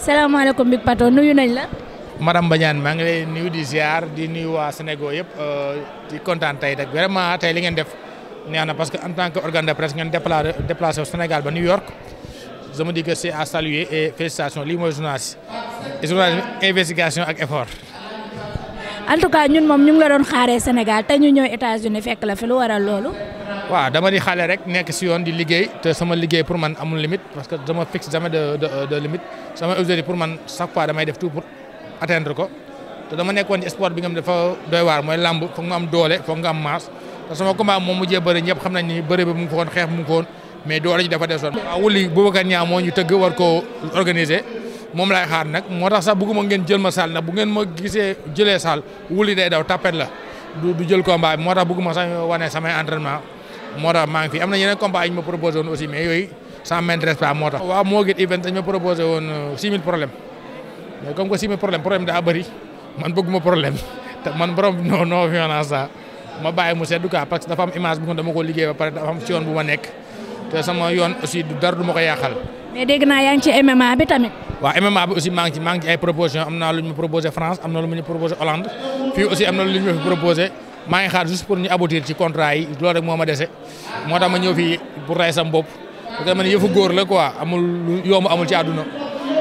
salaamaaleykum Big Pato nuyu nañ la. madame Badiane maa ngi lay nuyu di ziar di nuyu waa Sénégal yëpp euh, di kontaan tey rek vraiment tey li ngeen def neex na parce que en tant que organ de presse ngeen déplacé déplacé au Sénégal ba New York sama me dis que c'est à saluer et félicitations lii mooy journaliste journaliste investigation ak effort. en tout cas ñun moom ñu ngi la doon xaaree Sénégal te ñu ñëw États-Unis fekk la fi lu waral loolu. waaw dama di xale rek nekk si yoon di liggéey te sama liggéey pour man amul limite parce que dama fixe jamais de de de limite sama pour man chaque fois damay def tout pour atteindre ko te dama nekkoon ci sport bi nga dafa doy waar mooy làmb foog nga am doole foog nga am masse te sama combat moom mu mujjee bëri ñëpp xam nañ ni bëri bi mu ngi ko xeex mu ngi mais doole ji dafa desoon. waaw wuli moo ñu tëgg war koo organiser. moom laay xaar nag moo tax sax bëgguma ngeen jël ma saal nag bu ngeen ma gisee jëlee saal wuli day daw tapet la du jël combat bi moo tax bëgguma sax wane samay entraînement moo tax maa ngi fi am na yeneen combat yi ñu ma proposé woon aussi mais yooyu ça m'intéresse pas moo tax. waaw moo gën event dañ ma proposé woon 6000 euh, problème mais comme que 6000 problème problème daa bëri man bëgguma problème te man borom non non violence ça ma bàyyi mu seddu quoi parce que dafa bu ma nekk. te sama yoon aussi du dara du ma ko yàqal. mais dégg naa yaa ngi MMA bi tamit. waaw MMA bi aussi maa ngi ay proposition am naa lu ma proposé France am na lu ma fi proposé maa ngi xaar juste pour ñu aboutir ci contrat loolu rek moo ma dese moo tax ma ñëw fii pour rey sam bopp parce que yëfu góor la quoi amul lu amul ci àdduna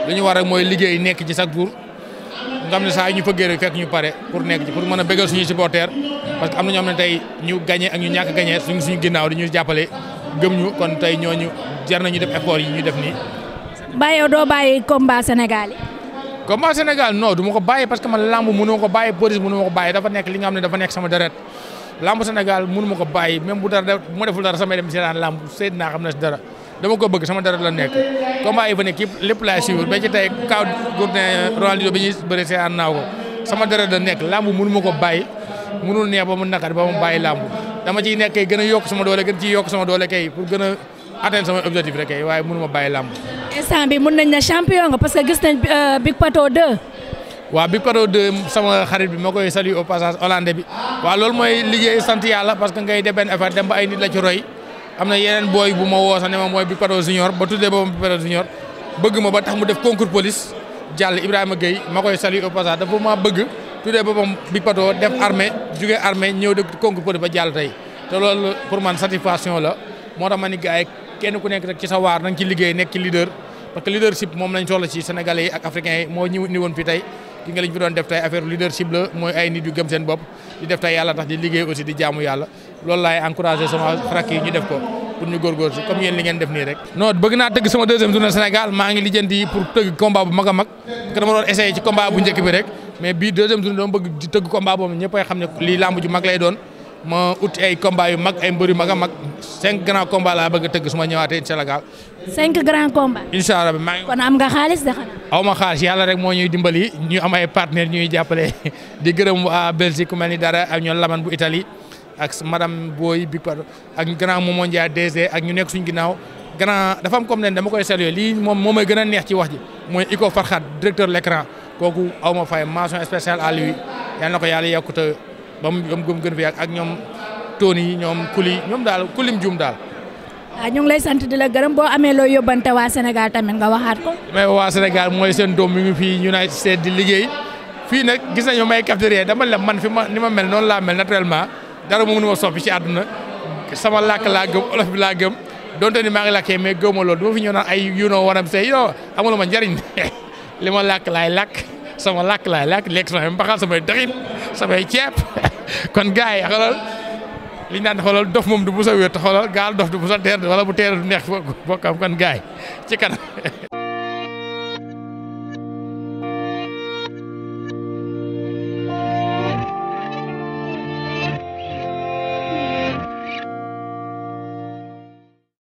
li war rek mooy liggéey nekk ci chaque jour nga ne saa ñu fëggee rek fekk ñu pare pour nekk ci pour a gëm ñu kon tey ñooñu jar nañu def effort yi ñu def nii. Ba yow doo bàyyi combat Sénégal yi. combat Sénégal non du ma ko bàyyi parce que man lamb mënu ma ko bàyyi police mënu ma ko bàyyi dafa nekk li nga xam ne dafa nekk sama deret lamb Sénégal ko bàyyi même bu dara bu ma deful dara samay dem seetaan lamb seet naa xam na dara dama ko bëgg sama dara la nekk combat yi fa nekk yëpp lépp laay suivre ba ci tey kaw Gourdin naa ko sama deret nekk lamb mënu ma ko bàyyi mënul neex ba mu naqar ba mu bàyyi lamb dama ciy nekk gën a yokk sama doole gën yokk sama doole kay pour gën a atteindre sama objectif rek kay waaye mënuma bàyyi làmb. instant bi mën nañ na champion nga parce que gis nañ euh, Big Pato 2. waaw Big Pato 2 sama xarit bi ma koy salué au passage hollandais bi waaw loolu mooy liggéey sant yàlla parce que ngay def benn affaire dem ba ay nit la ci roy am na yeneen booy bu ma woo sax ne ma mooy Big Pato Junior ba tuddee boppam Big Pato Junior bëgg ma ba tax mu def concours police tuddee boppam Big Pato def armée jugee armée ñëw de concours Petit ba jàll tey te loolu pour man satisfaction la moo tax ma ni gars kenn ku nekk rek ci sa waar na ci liggéey nekk ci leader parce que leadership moom lañ soxla ci sénégalais yi ak africains yi moo ñëw ni woon fi tey ki nga lañ fi doon def tey affaire leadership la mooy ay nit yu gëm seen bopp di def tey yàlla tax di liggéey aussi di jaamu yàlla loolu laay encouragé sama rakk yi ñu def ko. pour ñu góorgóor si comme yéen li ngeen def nii rek non bëgg naa tëgg mag a mag parce que ma a mag cinq grand combat laa bëgg tëgg su ma ñëwaatee incha allah. cinq grand combat. maa ngi. kon am nga xaalis de xanaa. ma xaalis yàlla rek moo ñuy dimbali ñu am ay partenaires ñuy jàppale di gërëm waa Belgique ku mel ni dara ak Laman bu Italie ak madame Boy bi par ak grand Momo Ndiaye DG ak ñu nekk suñ ginnaaw grand dafa am comme ne dama koy saluer lii moom moo may gën a neex ci wax ji mooy Iko Farxat directeur l'écran kooku aw ma fay mention spéciale à lui yal na ko yàlla yokkute ba mu gën fi yàgg ak ñoom Tony ñoom Kuli ñoom daal kulim jum daal. waaw ah, ñu ngi lay sant di la boo amee loo yóbbante waa Sénégal tamit nga waxaat mais waa Sénégal mooy seen doom mi ngi fii United States liggéey fii nag gis nañu may capturer dama la ni ma mel noonu laa mel naturellement. dara mu mënu ma soppi ci àdduna sama làkk laa gëm olof bi laa gëm donte ni maa ngi làkkee mais gëmuma loolu du ma fi ñëw naan ay yu noo war a say yoo amul ma njariñ li ma làkk laay làkk sama làkk laay làkk lekk sama mbaxal samay daxin samay ceeb kon gars yi xoolal li ñu naan xoolal dof moom du bu sa wér te xoolal gaal dof du bu sa teer wala bu teer du neex bokkam kon gars yi ci kanam